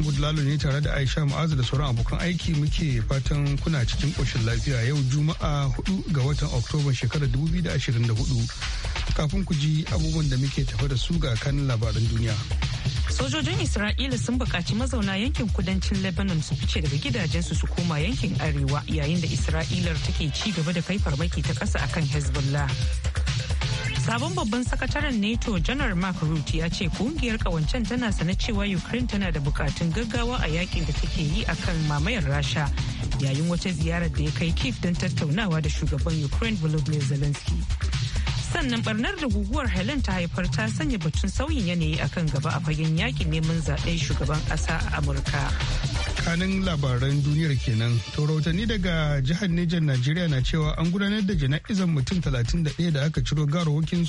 Mahmud Lalo ne tare da Aisha mu'azu da sauran abokan aiki muke fatan kuna cikin ƙoshin lafiya yau Juma'a 4 ga watan Oktoba shekarar 2024. Kafin ku ji abubuwan da muke tafa da su ga kan labaran duniya. Sojojin Isra'ila sun buƙaci mazauna yankin kudancin Lebanon su fice daga gidajensu su koma yankin arewa yayin da Isra'ilar take ci gaba da kai farmaki ta ƙasa akan Hezbollah. Sabon babban sakataren NATO Janar Mark Rutte ya ce kungiyar kawancen tana sana cewa Ukraine tana da bukatun gaggawa a yakin da take yi a kan mamayar Rasha yayin wata ziyarar da ya kai Kiev don tattaunawa da shugaban Ukraine Volodymyr Zelensky. sannan barnar da guguwar helen ta haifar ta sanya batun sauyin yanayi akan gaba a fagen yakin neman zaɓen shugaban ƙasa a amurka kanin labaran duniyar kenan to rahotanni daga jihar Nijar Najeriya na cewa an gudanar da jana'izar mutum 31 da aka ciro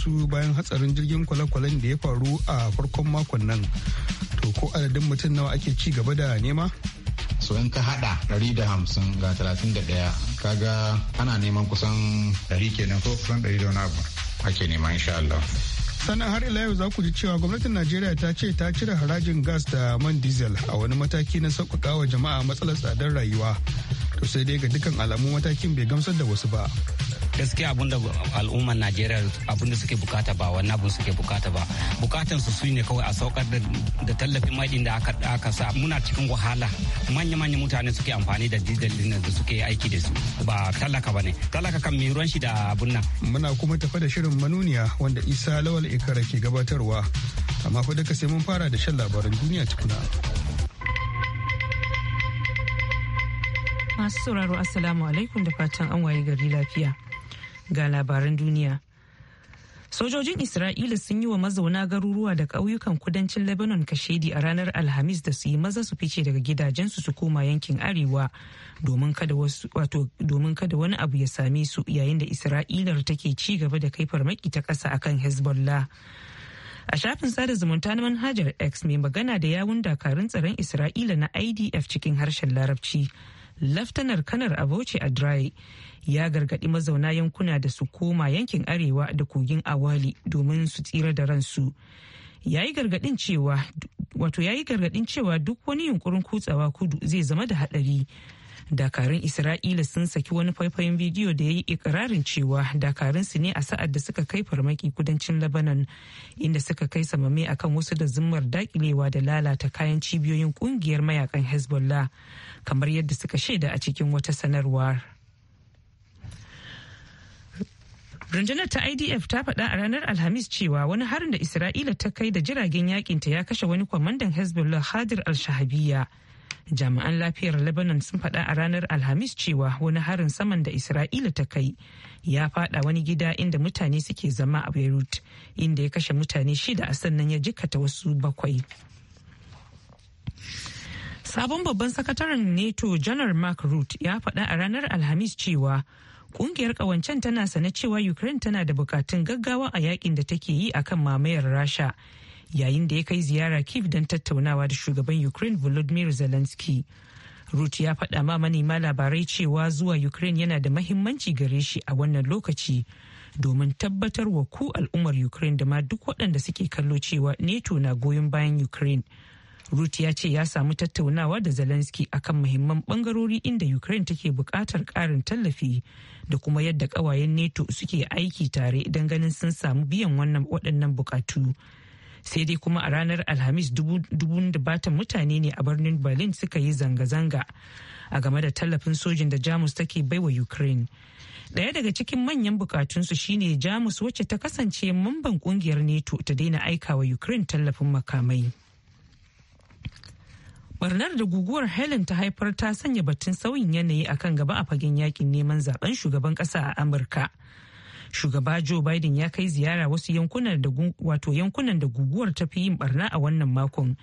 su bayan hatsarin jirgin kwale-kwalen da ya faru a farkon makon nan to ko adadin mutum nawa ake ci gaba da nema so in ka hada 150 ga 31 kaga ana neman kusan 100 kenan ko kusan 100 da wani abu ake nema insha Allah sannan har ila yau za ku ji cewa gwamnatin najeriya ta ce ta cire harajin gas da man diesel a wani mataki na sauƙaƙa wa jama'a matsalar tsadar rayuwa to sai dai ga dukkan alamu matakin bai gamsar da wasu ba gaskiya da al'ummar najeriya da suke bukata ba wannan abin suke bukata ba bukatan su su ne kawai a saukar da tallafin mai da aka aka sa muna cikin wahala manya manya mutane suke amfani da diesel din da suke aiki da su ba talaka bane talaka kan mai ruwan shi da abun nan muna kuma tafa da shirin manuniya wanda isa lawal ikara ke gabatarwa amma fa duka sai mun fara da shan labaran duniya tukuna masu sauraro assalamu alaikum da fatan an waye gari lafiya ga labaran duniya. Sojojin Isra'ila sun yi wa mazauna garuruwa da ƙauyukan kudancin Lebanon kashedi a ranar Alhamis da su yi maza su fice daga gidajensu su koma yankin Arewa domin kada wani abu ya same su yayin da Isra'ilar take ci gaba da kai farmaki ta ƙasa akan Hezbollah. A shafin sada zumunta na manhajar X mai magana da yawun dakarun tsaron Isra'ila na IDF cikin harshen Larabci. laftanar kanar a dry ya gargadi mazauna yankuna da su koma yankin arewa da kogin awali domin su tsira da ransu ya yi gargadin wato ya gargaɗin cewa duk wani yunkurin kutsawa kudu zai zama da haɗari dakarun isra'ila sun saki wani faifayin bidiyo da ya yi ikirarin cewa dakarun su ne a sa'ad da suka kai farmaki kudancin lebanon inda suka kai samame akan wasu da zummar dakilewa da lalata kayan cibiyoyin kungiyar mayakan hezbollah kamar yadda suka shaida a cikin wata sanarwar rundunar ta idf ta faɗa a ranar alhamis cewa wani harin da isra'ila ta kai da jiragen yakinta ya kashe wani kwamandan hezbollah hadir al-shahabiyya jami'an lafiyar lebanon sun faɗa a ranar alhamis cewa wani harin saman da isra'ila ta kai ya faɗa wani gida inda mutane suke zama a beirut inda ya kashe mutane shida a sannan ya jikata wasu bakwai sabon babban sakataren nato janar mark root ya faɗa a ranar alhamis cewa kungiyar kawancen tana sane cewa ukraine tana da bukatun gaggawa a yakin da take yi akan mamayar rasha yayin da ya kai ziyara kiev don tattaunawa da shugaban ukraine volodymyr zelensky Ruth ya faɗa ma manema labarai cewa zuwa Ukraine yana da mahimmanci gare shi a wannan lokaci domin tabbatar wa ku al'ummar Ukraine da ma duk waɗanda suke kallo cewa neto na goyon bayan Ukraine. Ruth ya ce ya samu tattaunawa da Zelensky akan mahimman bangarori inda Ukraine take buƙatar ƙarin tallafi da kuma yadda ƙawayen neto suke aiki tare don ganin sun samu biyan waɗannan buƙatu. sai dai kuma a ranar alhamis dubun da batan mutane ne a birnin berlin suka yi zanga-zanga a game da tallafin sojin da jamus take baiwa ukraine daya daga cikin manyan bukatunsu shine jamus wacce ta kasance mamban kungiyar neto ta daina aika wa ukraine tallafin makamai barnar da guguwar helen ta haifar ta sanya batun sauyin yanayi akan gaba a fagen yakin neman zaben shugaban kasa a amurka shugaba joe biden ya kai ziyara wasu yankunan da guguwar ta fi yin barna a wannan makon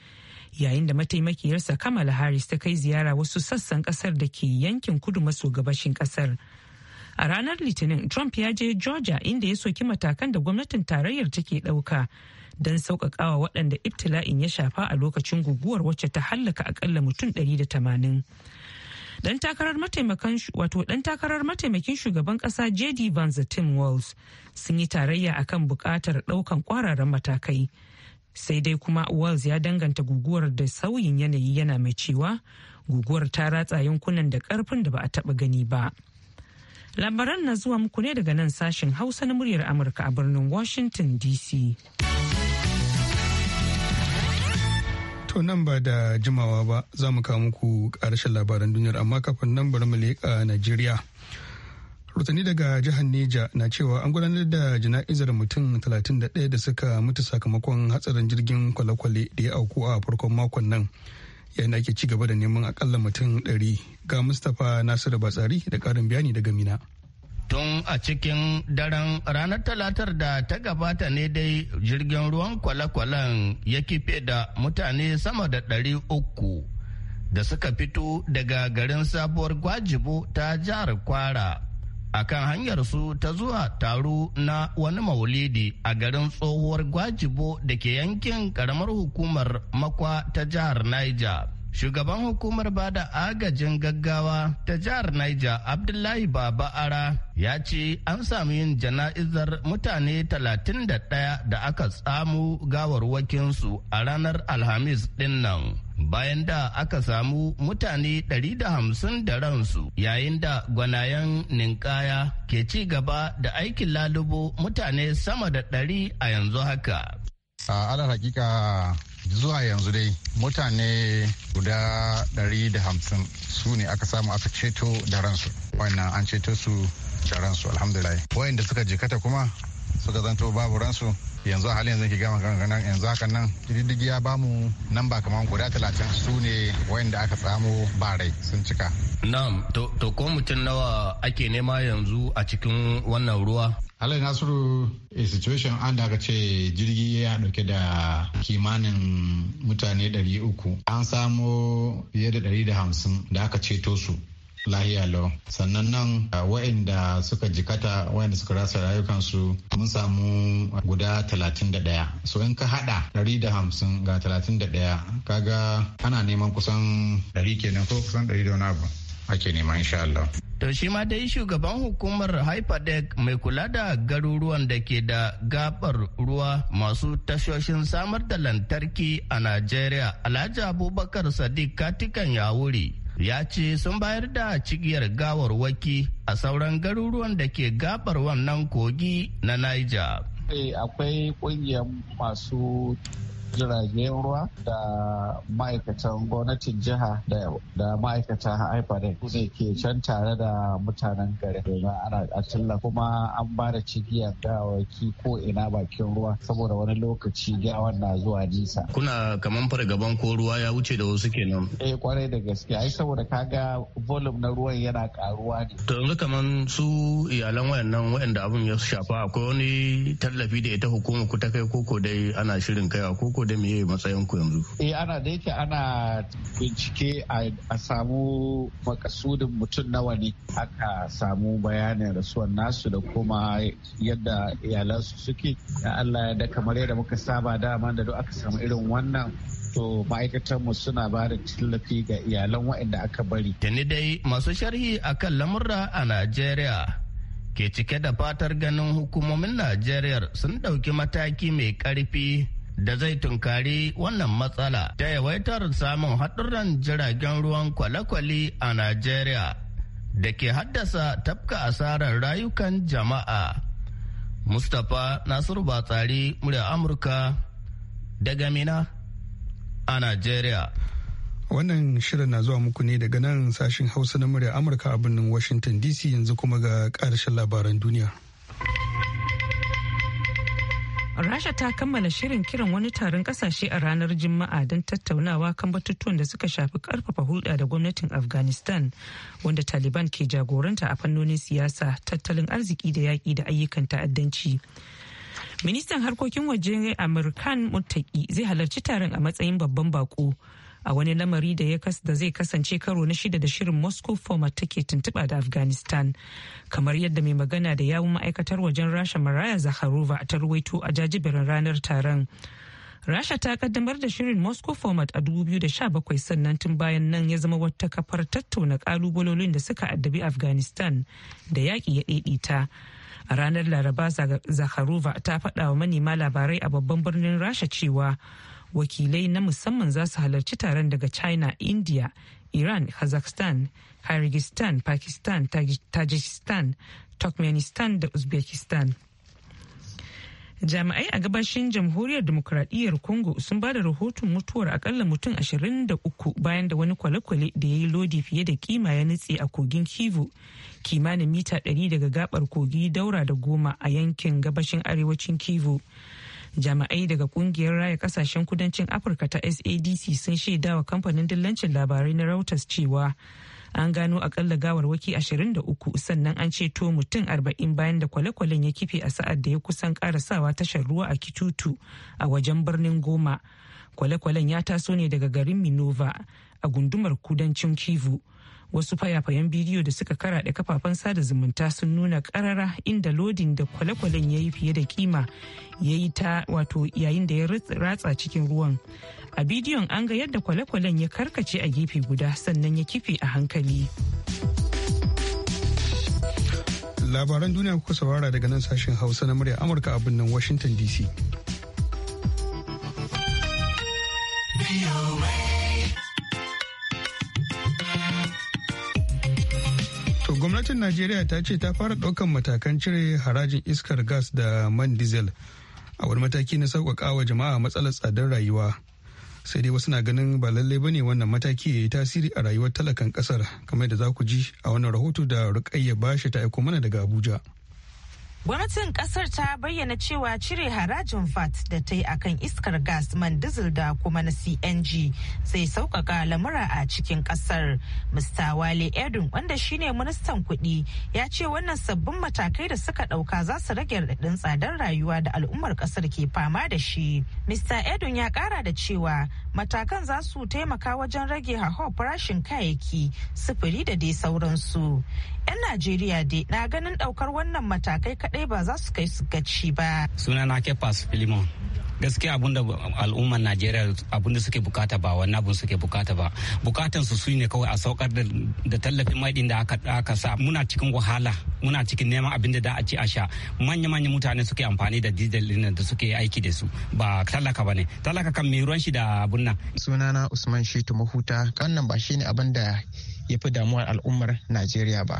yayin da mataimakiyarsa kamala harris ta kai ziyara wasu sassan kasar da ke yankin kudu maso gabashin kasar a ranar litinin trump ya je georgia inda ya soki matakan da gwamnatin tarayyar take ɗauka don sauƙaƙawa waɗanda ibtila'in ya shafa a lokacin guguwar wacce ta hallaka akalla mutum 180 dan takarar mataimakan wato dan takarar mataimakin shugaban kasa JD Vance Tim Walls sun yi tarayya akan buƙatar daukan kwararan matakai. Sai dai kuma Walls ya danganta guguwar da sauyin yanayi yana mai cewa guguwar ta ratsa yankunan da karfin da ba a taba gani ba. Labaran na zuwa muku ne daga nan sashen Hausa na muryar Amurka a birnin Washington DC. To nan ba da jimawa ba za mu kawo muku ƙarashin labaran duniyar amma kafin nan bari mu leƙa Najeriya. Rutani daga jihar Neja na cewa an gudanar da jana'izar mutum 31 da suka mutu sakamakon hatsarin jirgin kwale-kwale da ya auku a farkon makon nan. Yayin da ake ci gaba da neman akalla mutum 100 ga Mustapha Nasiru Batsari da ƙarin bayani daga Mina. a cikin daren ranar talatar da ta gabata ne dai jirgin ruwan kwale-kwalen ya kife da mutane sama da ɗari uku da suka fito daga garin sabuwar gwajibo ta jihar kwara a kan hanyarsu ta zuwa taro na wani maulidi a garin tsohuwar gwajibo da ke yankin ƙaramar hukumar makwa ta jihar niger shugaban hukumar bada agajin gaggawa ta jihar Niger Abdullahi Baba Ara ya ce an samu yin jana'izar mutane 31 da aka tsamu gawarwakinsu a ranar Alhamis din nan. Bayan da aka samu mutane 150 da ransu yayin da gwanayen ninkaya ke ci gaba da aikin lalubo mutane sama da 100 a yanzu haka. A ala hakika zuwa yanzu dai mutane guda 150 su ne aka samu aka ceto da ransu wannan an ceto su da ransu alhamdulillah wayanda suka jikata kuma suka zanto babu ransu yanzu a halin yanzu ke gama ganganan yanzu haka nan diddigi ya bamu nan ba kamar guda talatin su ne wayanda aka samu barai sun cika na'am to ko mutum nawa ake nema yanzu a cikin wannan ruwa Alai Nasiru a situation an da aka ce jirgi ya dauke da kimanin mutane 300 an samo fiye da 150 da aka ceto su lahiya lo sannan nan wa'inda suka jikata wa'inda suka rasa rayukansu mun samu guda 31 so in ka hada 150 ga 31 kaga ana neman kusan 100 kenan ko kusan 100 da wani abu ake neman insha Allah To shi ma dai shugaban hukumar Hyperdeck mai kula da garuruwan da ke da gabar ruwa masu tashoshin samar da lantarki a Najeriya Alhaji Abubakar Sadiq Katikan Yawuri ya ce sun bayar da cigiyar waki a sauran garuruwan da ke gabar wannan kogi na Niger. Eh, akwai kungiyar masu jiragen ruwa da ma'aikatan gwamnatin jiha da ma'aikatan haifare ne ke can tare da mutanen gari domin ana atilla kuma an ba da cigiyar gawaki ko ina bakin ruwa saboda wani lokaci gawan na zuwa nisa. Kuna kaman fargaban ko ruwa ya wuce da wasu kenan. Eh kwarai da gaske ai saboda kaga volume na ruwan yana karuwa ne. To yanzu kaman su iyalan wayannan wayanda abun ya shafa akwai wani tallafi da ita hukumar ku ta kai koko dai ana shirin kaiwa koko ko da meye matsayin ku yanzu eh ana da yake ana bincike a samu makasudin mutum nawa ne aka samu bayanin rasuwar nasu da kuma yadda iyalansu suke Allah da kamar yadda muka saba dama da aka samu irin wannan to ma'aikatanmu suna ba da tallafi ga iyalan waɗanda aka bari. da ni dai masu sharhi akan lamurra a Najeriya ke cike da fatar ganin hukumomin Najeriya sun ɗauki mataki mai ƙarfi da zai tunkari wannan matsala ta yawaitar samun haɗurran jiragen ruwan kwale-kwale a Najeriya da ke haddasa tafka asarar rayukan jama'a. Mustapha Nasiru Batsari murya Amurka daga Mina a Najeriya. Wannan shirin na zuwa muku ne daga nan sashen Hausa na murya Amurka a birnin Washington DC yanzu kuma ga ƙarshen labaran duniya. Rasha ta kammala shirin kiran wani taron kasashe a ranar Juma'a don tattaunawa kan batutuwan da suka shafi karfafa hulɗa da gwamnatin Afghanistan wanda Taliban ke jagoranta a fannonin siyasa, tattalin arziki da yaƙi da ayyukan ta'addanci. Ministan harkokin waje Amurkan mutaki zai halarci taron a matsayin babban bako. a wani lamari da da zai kasance karo na shida da shirin moscow format take tuntuɓa da afghanistan kamar yadda mai magana da yawun ma'aikatar wajen rasha maraya zaharova ta ruwaito a jajiberin ranar taron rasha ta kaddamar da shirin moscow format a 2017 sannan tun bayan nan ya zama wata kafar tattauna kalubalolin da suka addabi afghanistan da yaƙi ya ɗaiɗita a ranar laraba zakharova ta faɗa wa manema labarai a babban birnin rasha cewa wakilai na musamman za su halarci taron daga china india iran kazakhstan kyrgyzstan pakistan tajikistan turkmenistan da uzbekistan jami'ai a gabashin jamhuriyar demokuraɗiyyar congo sun ba da rahoton mutuwar akalla mutum 23 bayan da wani kwale-kwale da ya yi lodi fiye da kima ya nutse a kogin kivu kimanin mita 100 daga gabar kogi daura da goma a yankin gabashin arewacin kivu jami'ai daga kungiyar raya kasashen kudancin afirka ta sadc sun shaida wa kamfanin dillancin labarai na rautas cewa an gano akalla gawarwaki 23 sannan an ceto mutum 40 bayan da kwale-kwalen ya kife a sa'ad da ya kusan karasawa tashar ruwa a kitutu a wajen birnin goma kwale-kwalen ya taso ne daga garin minova a gundumar kudancin kivu wasu fayafayen bidiyo da suka karaɗe kafafen sada zumunta sun nuna karara inda lodin da kwale-kwalen ya yi fiye da kima ya yi ta wato yayin da ya ratsa cikin ruwan a bidiyon an ga yadda kwale-kwalen ya karkace a gefe guda sannan ya kife a hankali labaran duniya kuka saurara daga nan sashen hausa na murya amurka a birnin washington dc gwamnatin najeriya ta ce ta fara ɗaukan matakan cire harajin iskar gas da man diesel a wani mataki na sauƙaƙa wa jama'a matsalar tsadar rayuwa sai dai wasu na ganin ba lalle ba ne wannan mataki ya yi tasiri a rayuwar talakan ƙasar kamar da za ku ji a wannan rahoto da rukayya bashi ta aiko mana daga abuja Gwamnatin kasar ta bayyana cewa cire harajin VAT da ta yi a kan iskar gas man diesel da kuma na CNG zai sauƙaƙa lamura a cikin kasar. Mr. Wale Edun wanda shine ministan kuɗi ya ce wannan sabbin matakai da suka ɗauka za su rage raɗaɗin tsadar rayuwa da al'ummar kasar ke fama da shi. Mr. Edun ya ƙara da cewa matakan za su taimaka wajen rage hauhawar farashin kayayyaki sufuri da dai sauransu. 'Yan Najeriya dai na ganin ɗaukar wannan matakai kaɗai ba za su kai su gaci ba. Sunana Kepas Filimon. gaskiya da al'ummar najeriya da suke bukata ba wannan abun suke bukata ba bukatan su su ne kawai a saukar da tallafin mai da aka sa muna cikin wahala muna cikin neman abin da a ci a sha manya manya mutane suke amfani da diesel da suke aiki da su ba talaka bane talaka kan mai ruwan shi da abun nan sunana usman shitu mahuta kannan ba shine abin da ya fi damuwar al'ummar najeriya ba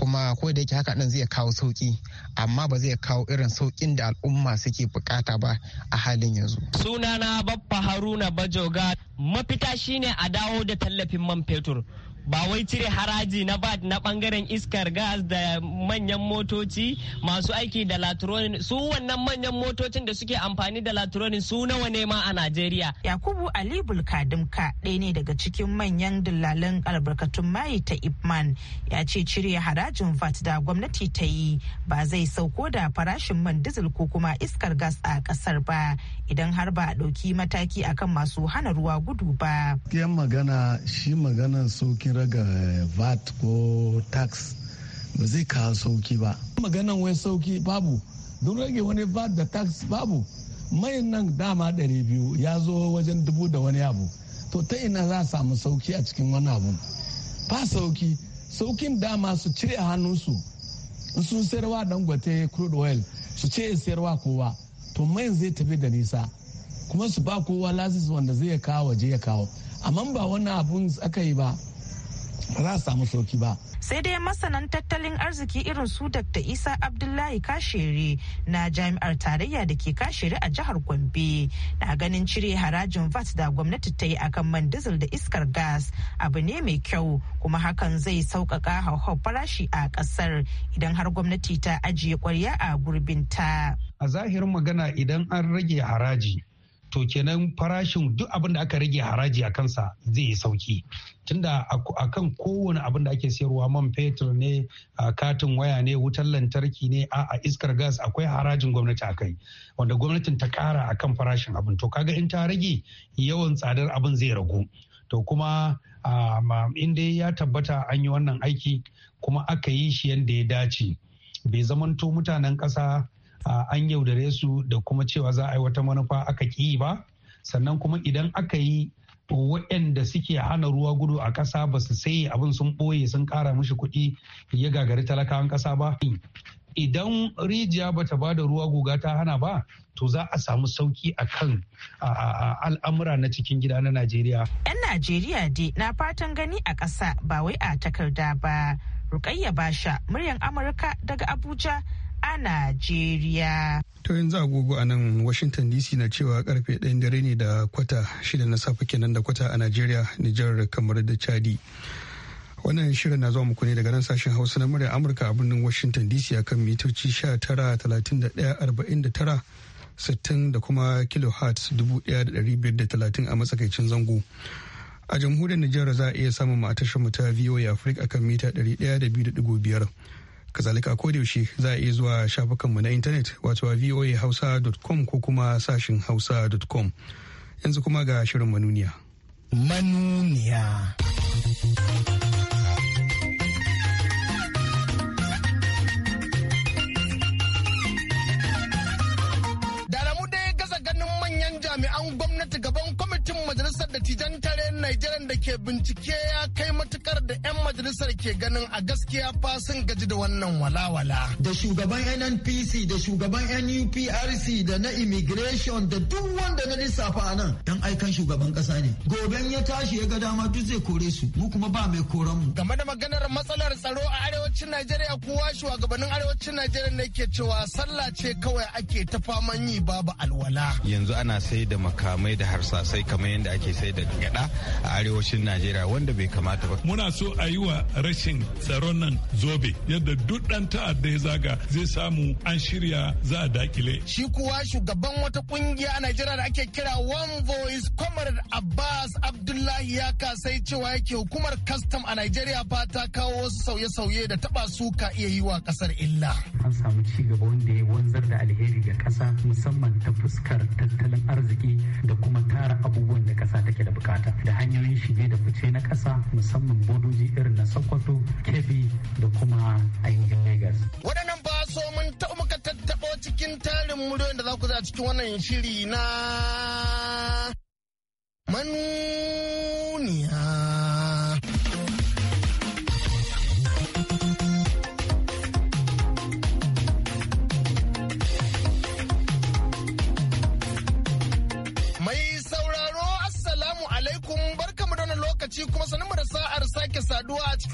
kuma ko da yake haka nan zai kawo sauki amma ba zai kawo irin saukin da al'umma suke bukata ba a halin yanzu sunana baffa haruna bajoga mafita shine a dawo da tallafin man fetur ba wai cire haraji na bat na bangaren iskar gas da manyan motoci masu aiki da latronin su wannan manyan motocin da suke amfani da latronin su nawa ne ma a Najeriya. Yakubu Ali Bulkadimka ɗaya ne daga cikin manyan dillalan albarkatun mai ta Ipman ya ce cire harajin VAT da gwamnati ta yi ba zai sauko da farashin man dizil ko kuma iskar gas a ƙasar ba idan har ba a ɗauki mataki akan masu hana ruwa gudu ba. magana shi sauki cikin raga eh, vat ko tax ba zai kawo sauki ba maganan wai sauki babu don rage wani vat da tax babu mayan nan dama 200 ya zo wajen dubu da wani abu to ta ina za a samu sauki a cikin wani abu ba sauki saukin dama su cire hannunsu in sun sayarwa dangote crude oil su ce sayarwa kowa to mayan zai tafi da nisa kuma su ba kowa lasis wanda zai kawo waje ya kawo amma ba wani abun aka yi ba ba za su samu sauki ba. Sai dai masanan tattalin arziki irin su Dr. Isa Abdullahi Kashere na jami'ar tarayya da ke kashere a jihar Gombe na ganin cire harajin VAT da gwamnati ta yi akan man dizil da iskar gas abu ne mai kyau kuma hakan zai sauƙaƙa hauhau farashi a ƙasar idan har gwamnati ta ajiye ƙwarya a gurbinta. A zahirin magana idan an rage haraji to kenan farashin duk abin da aka rage haraji a kansa zai yi sauki tunda a kan kowane abin da ake sayarwa man fetur ne katin waya ne wutar lantarki ne a iskar gas akwai harajin gwamnati a kai wanda gwamnatin ta kara a kan farashin abin to kaga in ta rage yawan tsadar abin zai ragu to kuma in ya tabbata an yi wannan aiki kuma aka yi shi yadda ya dace bai zamanto mutanen ƙasa an yaudare su da kuma cewa za a yi wata manufa aka ƙi ba sannan kuma idan aka yi waɗanda suke hana ruwa gudu a ƙasa ba su sai abin sun ɓoye sun ƙara mishi kuɗi ya gagari talakawan ƙasa ba idan rijiya ba ta bada ruwa guga ta hana ba to za a samu sauki a kan al'amura na cikin gida na najeriya yan najeriya dai na fatan gani a ƙasa ba wai a takarda ba rukayya basha muryan amurka daga abuja a Najeriya. To yanzu agogo a nan Washington DC na cewa karfe ɗayan dare ne da kwata shida na safe kenan da kwata a Najeriya, Nijar, kamar da Chadi. Wannan shirin na zuwa muku ne daga nan sashen Hausa na murya Amurka a birnin Washington DC akan mitoci sha-tara sittin da kuma kilohertz 1530 a matsakaicin zango. A jamhuriyar Nijar za a iya samun mu a tashar mu ta VOA Africa akan mita 102.5. kazalika ko yaushe za a iya zuwa shafukanmu na intanet wato a voahausa.com ko kuma sashin hausa.com yanzu kuma ga shirin manuniya manuniya dattijan tare Najeriya da ke bincike ya kai matukar da 'yan majalisar ke ganin a gaskiya fasin gaji da wannan walawala. Da shugaban NNPC da shugaban NUPRC da na immigration da duk wanda na lissafa a nan dan aikan shugaban kasa ne. Goben ya tashi ya ga dama duk zai kore su mu kuma ba mai koran mu. Game da maganar matsalar tsaro a arewacin Najeriya kuwa shugabannin arewacin Najeriya ne ke cewa sallah ce kawai ake ta faman yi babu alwala. Yanzu ana sai da makamai da harsasai kamar yadda ake sai da gada a arewacin najeriya wanda bai kamata ba muna so a yi wa rashin tsaron nan zobe yadda duk dan ta'adda ya zaga zai samu an shirya za a dakile shi kuwa shugaban wata kungiya a najeriya da ake kira one voice comrade abbas abdullahi ya kasai cewa yake hukumar custom a najeriya fa ta kawo wasu sauye-sauye da taba su ka iya yi wa kasar illa an samu ci gaba wanda ya wanzar da alheri ga kasa musamman ta fuskar tattalin arziki da kuma tara abubuwan da kasa ta take da bukata da hanyoyin shige da fice na kasa musamman bodoji irin na sokoto kebbi da kuma ainihin lagos waɗannan ba so mun taɓa muka tattaɓo cikin tarin muryoyin da za ku za cikin wannan shiri na manuniya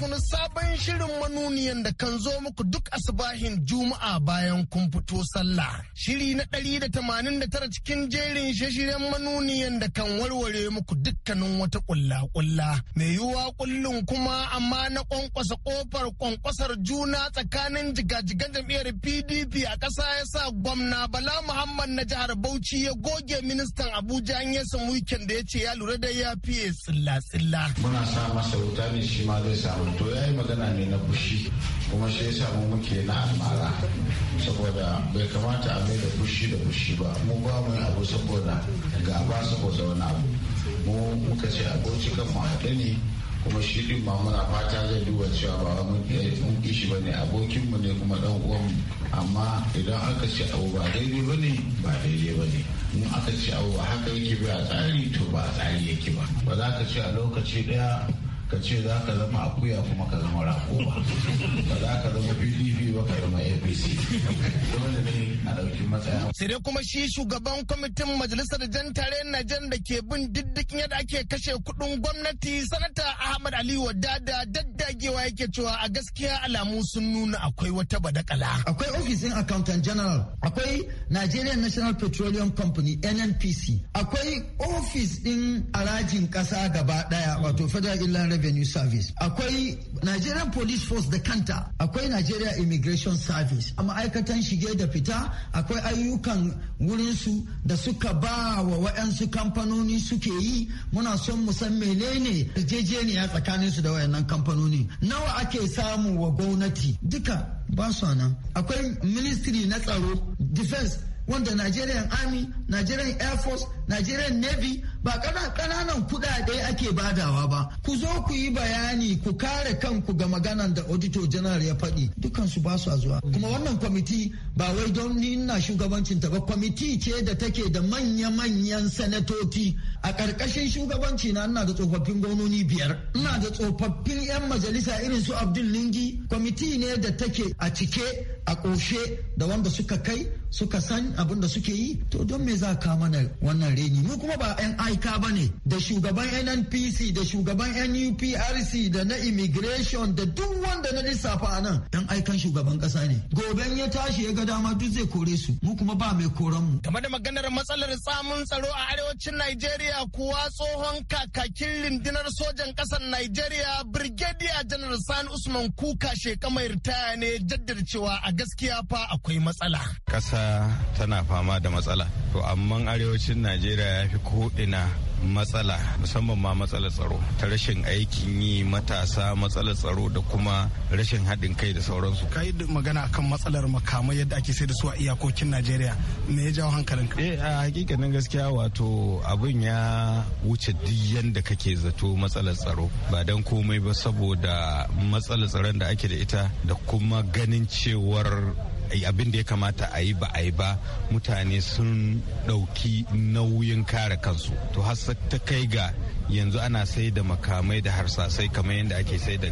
wani sabon shirin manuniyan da kan zo muku duk asubahin Juma'a bayan kun fito sallah. shiri na ɗari da tamanin da tara cikin jerin shashiren manuniyan da kan warware muku dukkanin wata ƙulla-ƙulla. Mai yiwuwa ƙullun kuma amma na ƙwanƙwasa ƙofar ƙwanƙwasar juna tsakanin jigajigan jam'iyyar PDP a ƙasa ya sa gwamna Bala Muhammad na jihar Bauchi ya goge ministan Abuja an yi weekend da ya ce ya lura da ya fiye tsilla-tsilla. Muna sa masa wuta ne shi ma zai samu to ya yi magana ne na fushi. kuma shi yasa mu muke na almara saboda bai kamata a mai da fushi da fushi ba mu ba mu abu saboda gaba saboda wani abu mu muka ce aboci kan mu haɗu ne kuma shi din ma muna fata zai duba cewa ba mun mun kishi ba ne abokin mu ne kuma dan uwan mu amma idan aka ce abu ba daidai ba ne ba daidai ba ne aka ce abu ba haka yake ba a tsari to ba a tsari yake ba ba za ka ce a lokaci ɗaya. ka ce za ka zama akuya kuma ka zama rako ba ba za ka zama pdp ba ka zama apc dole ne a ɗauki matsaya. sai dai kuma shi shugaban kwamitin majalisar jan tare jan da ke bin diddikin yadda ake kashe kuɗin gwamnati sanata ahmad ali wadada daddagewa yake cewa a gaskiya alamu sun nuna akwai wata badakala. akwai ofisin accountant general akwai nigerian national petroleum company nnpc akwai ofis ɗin harajin ƙasa gaba ɗaya wato federal inland Revenue Service, akwai Nigerian Police Force da kanta, akwai Nigeria Immigration Service, a ma'aikatan shige da fita akwai ayyukan wurin su da suka ba wa wayansu kamfanoni suke yi muna son musan menene yarjejeniya su da wayannan kamfanoni. Nawa ake samu wa gwamnati duka ba su nan. Akwai Ministry na Tsaro, Defense, wanda Nigerian Army Nigerian Air Force, Nigerian Navy ba ƙananan kuɗaɗe ake badawa ba. Ku zo ku yi bayani ku kare kanku ga maganan da Auditor General ya faɗi su ba su zuwa. Kuma wannan kwamiti ba wai don ni ina shugabancin ta ba kwamiti ce da take da manya-manyan sanatoci a ƙarƙashin shugabanci na ina da tsofaffin gwamnoni biyar. Ina da tsofaffin 'yan majalisa irin su Abdul Lingi kwamiti ne da take a cike a ƙoshe da wanda suka kai suka san abin da suke yi to don me za ka mana wannan reni mu kuma ba yan aika ba ne da shugaban nnpc da shugaban nuprc da na immigration da duk wanda na lissafa a nan yan aikan shugaban kasa ne goben ya tashi ya ga dama duk zai kore su mu kuma ba mai koran mu game da maganar matsalar samun tsaro a arewacin nigeria kuwa tsohon kakakin rundunar sojan kasar nigeria brigadier general sani usman kuka sheka mai ritaya ne jaddar cewa a gaskiya fa akwai matsala kasa tana fama da matsala to amma arewacin najeriya ya fi ko'ina matsala musamman ma matsalar tsaro ta rashin aikin yi matasa matsalar tsaro da kuma rashin haɗin kai da sauransu ka yi magana akan matsalar makamai yadda ake sai da su a iyakokin najeriya me ya jawo hankalin ka eh a hakikanin gaskiya wato abin ya wuce duk yanda kake zato matsalar tsaro ba dan komai ba saboda matsalar tsaron da ake da ita da kuma ganin cewar abin da ya kamata a yi ba a yi ba mutane sun ɗauki nauyin kare kansu to har ta kai ga yanzu ana sai da makamai da harsasai kamar yadda ake sai da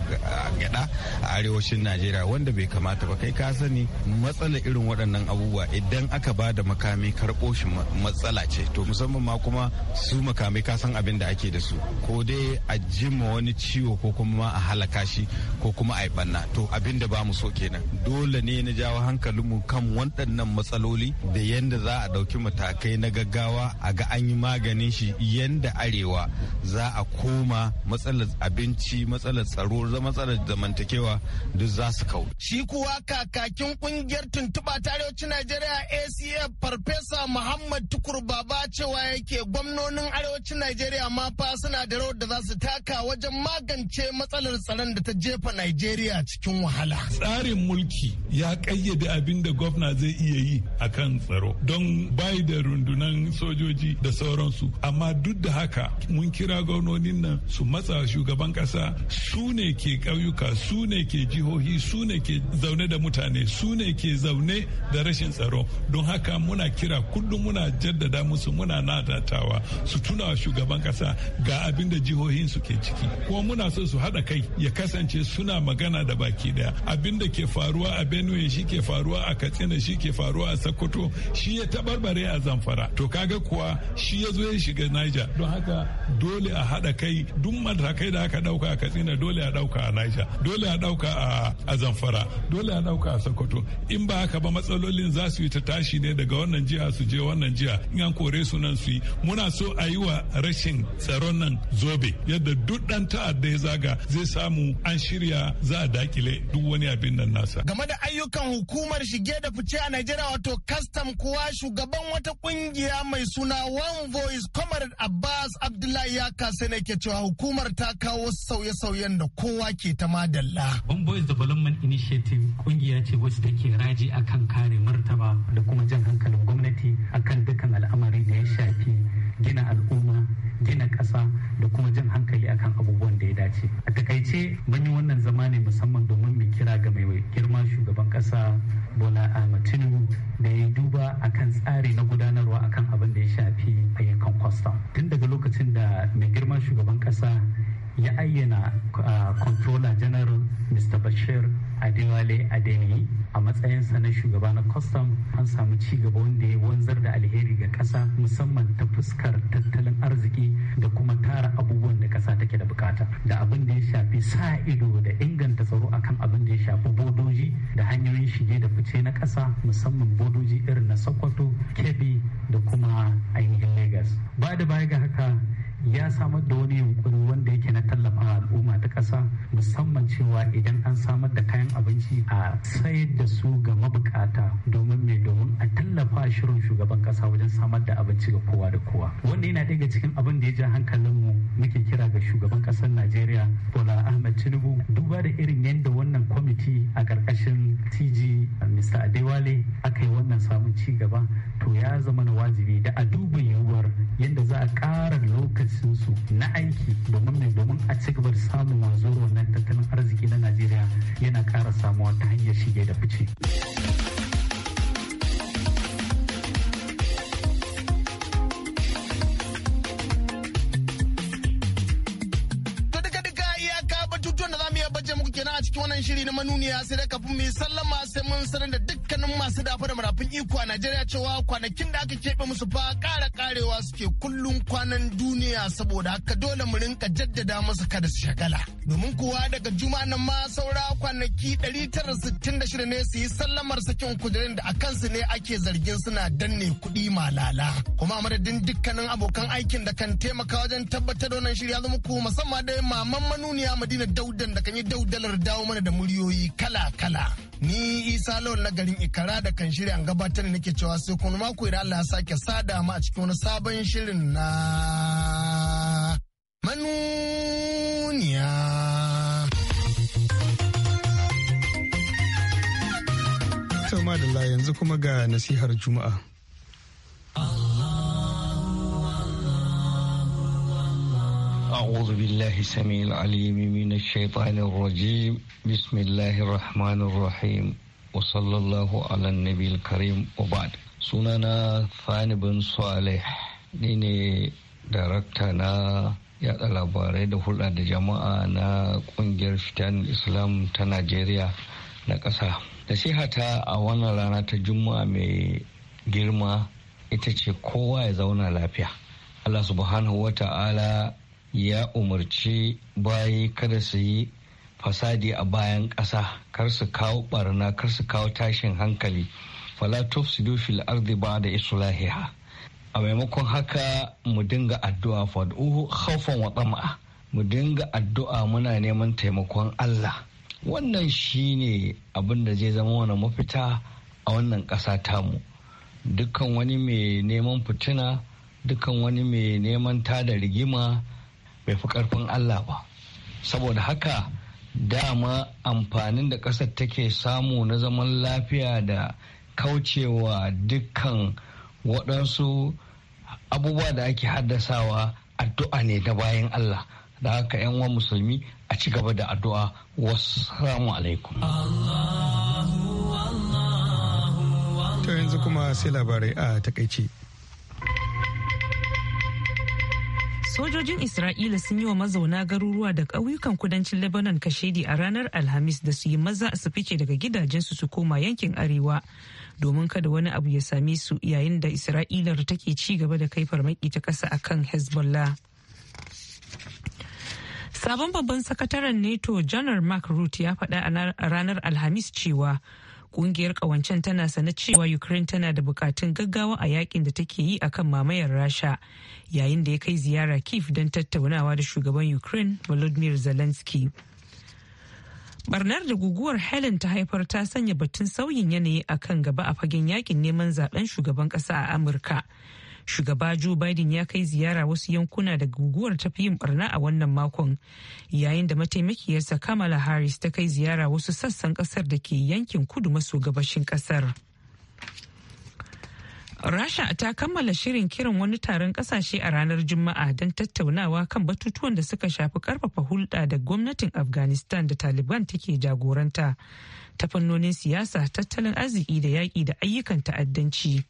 gada a arewacin najeriya wanda bai kamata ba kai ka sani matsala irin waɗannan abubuwa idan aka ba da makami karɓo shi matsala ce to musamman ma kuma su makamai ka san abin da ake da su ko dai a jima wani ciwo ko kuma a halaka shi ko kuma a yi banna to abin da ba mu so kenan dole ne na jawo hankalin mu kan waɗannan matsaloli da yadda za a ɗauki matakai na gaggawa a ga an yi maganin shi yadda arewa za a koma matsalar abinci matsalar tsaro matsalar zamantakewa duk za su kau. shi kuwa kakakin kungiyar tuntuɓa arewacin najeriya acf farfesa muhammad tukur baba cewa yake gwamnonin arewacin najeriya ma fa suna da rawar da za su taka wajen magance matsalar tsaron da ta jefa najeriya cikin wahala tsarin mulki ya kayyade abin da gwamna zai iya yi akan tsaro don bai da rundunan sojoji da sauransu amma duk da haka mun kira ga gwamnonin nan su matsa shugaban kasa su ne ke ƙauyuka su ne ke jihohi su ne ke zaune da mutane su ne ke zaune da rashin tsaro don haka muna kira kullum muna jaddada musu muna nadatawa su tuna shugaban kasa ga abin da jihohin su ke ciki kuma muna so su haɗa kai ya kasance suna magana da baki daya abin da ke faruwa a benue shi ke faruwa a katsina shi ke faruwa a sokoto shi ya tabarbare a zamfara to kaga kuwa shi ya zo ya shiga niger don haka dole dole a haɗa kai duk matakai da aka ɗauka a katsina dole a ɗauka a naija dole a ɗauka a zamfara dole a ɗauka a sokoto in ba haka ba matsalolin za su yi ta tashi ne daga wannan jiha su je wannan jiha in an kore su nan su yi muna so a yi wa rashin tsaron nan zobe yadda duk ɗan ta'adda ya zaga zai samu an shirya za a dakile duk wani abin nan nasa. Game da ayyukan hukumar shige da fice a Najeriya wato kastam kuwa shugaban wata kungiya mai suna One Voice Comrade Abbas Abdullahi ya haka sai na ke cewa hukumar ta kawo sauye-sauyen da kowa ke ta madalla. Boys Development Initiative kungiya ce wacce take raji akan kare martaba da kuma jan hankalin gwamnati akan dukkan al'amari da ya shafi gina al'umma gina ƙasa da kuma jan hankali akan abubuwan da ya dace a takaice mun wannan zama ne musamman domin mu kira ga mai girma shugaban ƙasa bola ahmad da ya duba akan tsari na gudanarwa akan abin da ya shafi ayyukan kwastam tun daga lokacin da mai girman shugaban kasa ya ayyana uh, controller general mr bashir adewale adeniyi a matsayinsa na shugaba na custom an samu ci gaba wanda ya wanzar da alheri ga kasa musamman ta fuskar tattalin arziki da kuma tara abubuwan da kasa take da bukata da abin da ya shafi sa ido da inganta tsaro akan abin da ya shafi bodoji da hanyoyin shige da fice na kasa musamman bodoji irin na sokoto kebbi da kuma ainihin lagos ba da baya ga ya samar da wani yunkuri wanda yake na tallafa al'umma ta ƙasa musamman cewa idan an samar da kayan abinci a sayar da su ga mabukata domin mai domin a tallafa shirin shugaban kasa wajen samar da abinci ga kowa da kowa wanda yana daga cikin abin da ya ja hankalinmu muke kira ga shugaban kasar najeriya bola ahmed tinubu duba da irin yadda wannan kwamiti a karkashin TG mr adewale aka yi wannan samun ci gaba to ya zama na wajibi da a duba yiwuwar yadda za a ƙara lokacinsu na aiki domin mai domin a ci gaba da samun wanzuwar wannan tattalin arziki na najeriya yana ƙara samuwa ta hanyar shige da fice. wannan shiri na manuniya sai da kafin mai sallama sai mun sanar da dukkanin masu dafa da marafin iko a Najeriya cewa kwanakin da aka keɓe musu fa ƙara ƙarewa suke kullum kwanan duniya saboda haka dole mu rinka jaddada musu kada su shagala. Domin kuwa daga juma nan ma saura kwanaki 966 ne su yi sallamar sakin kudirin da a kansu ne ake zargin suna danne kuɗi malala. Kuma madadin dukkanin abokan aikin da kan taimaka wajen tabbatar da wannan ya zama ku musamman dai maman manuniya Madina Daudan da kan yi daudalar dawo mana da muryoyi kala-kala. Ni Isa Lawal na garin Ikara da kan shirya gabatar nake cewa sai kuma mako idan Allah ya sake sada mu a cikin wani sabon shirin na manuniya. Sama da yanzu kuma ga nasihar Juma'a. أعوذ بالله السميع العليم من الشيطان الرجيم بسم الله الرحمن الرحيم وصلى الله على النبي الكريم وبعد sunana Fani bin Saleh ni ne darakta na yada labarai da hulɗa da jama'a na ƙungiyar fitan Islam ta Najeriya na ƙasa. Nasihata a wannan rana ta Juma'a mai girma ita ce kowa ya zauna lafiya. Allah subhanahu wa ta'ala ya umarci bayi kada su yi fasadi a bayan ƙasa kar su kawo barna kar su kawo tashin hankali fala tufsidu fil ardi ba'da islahiha a maimakon haka mu dinga addu'a fad'uhu khawfan wa tama'a mu dinga addu'a muna neman taimakon Allah wannan shine abin da zai zama wani mafita a wannan ƙasa mu dukkan wani mai neman fitina dukkan wani mai neman tada rigima bai fi karfin Allah ba saboda haka dama amfanin da ƙasar take samu na zaman lafiya da kaucewa dukkan waɗansu abubuwa da ake haddasawa addu'a ne da bayan Allah da haka 'yan wa musulmi a ci gaba da addu'a wassalamu alaikum to yanzu kuma sai labarai a takaice sojojin isra'ila sun yi wa mazauna garuruwa da ƙauyukan kudancin lebanon kashedi a ranar alhamis da su yi maza su fice daga gidajensu su koma yankin arewa domin kada wani abu ya same su yayin da isra'ilar take ci gaba da kai farmaki ta ƙasa kan hezbollah sabon babban sakataren nato janar mark root ya faɗa a ranar alhamis cewa kungiyar kawancen tana sana cewa ukraine tana da bukatun gaggawa a yakin da take yi akan mamayar rasha yayin da ya kai ziyara kif don tattaunawa da shugaban ukraine volodymyr zelensky barnar da guguwar helen ta haifar ta sanya batun sauyin yanayi akan gaba a fagen yakin neman zaben shugaban kasa a amurka shugaba joe biden ya kai ziyara wasu yankuna da guguwar ta fi yin barna a wannan makon yayin da mataimakiyarsa kamala harris ta kai ziyara wasu sassan kasar da ke yankin kudu maso gabashin kasar Rasha ta kammala shirin kiran wani taron kasashe a ranar Juma'a don tattaunawa kan batutuwan da suka shafi karfafa hulɗa da gwamnatin Afghanistan da Taliban take jagoranta ta fannonin siyasa, tattalin arziki da yaƙi da ayyukan ta'addanci.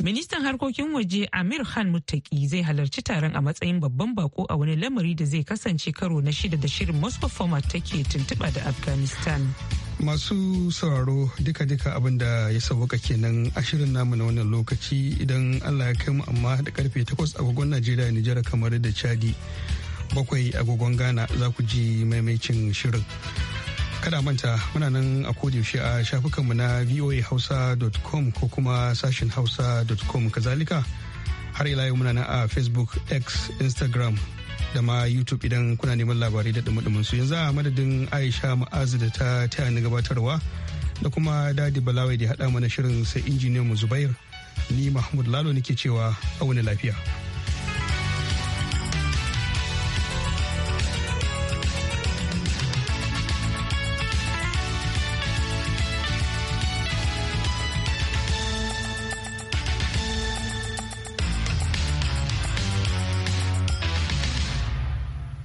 Ministan harkokin waje Amir Khan Muttaki zai halarci taron a matsayin babban bako a wani lamari da zai kasance karo na shida da shirin Moscow Format take tuntuɓa da Afghanistan. Masu sauraro duka-duka abin da ya sauwaka kenan a shirin namu na wannan lokaci idan Allah ya kai mu amma da karfe 8 agogon Najeriya Nijar kamar da Chadi. Bakwai agogon Ghana za ku ji maimaicin shirin. kada manta muna nan a yaushe a shafukanmu na voahausa.com ko kuma sashen hausa.com kazalika har ila yau muna nan a facebook x instagram da ma youtube idan kuna neman labarai da dumudumin su yanzu a madadin aisha ma'azu da ta taya ni gabatarwa da kuma dadi balawai da haɗa mana shirin sai injiniyan mu zubair ni mahmud lalo nake cewa a wani lafiya.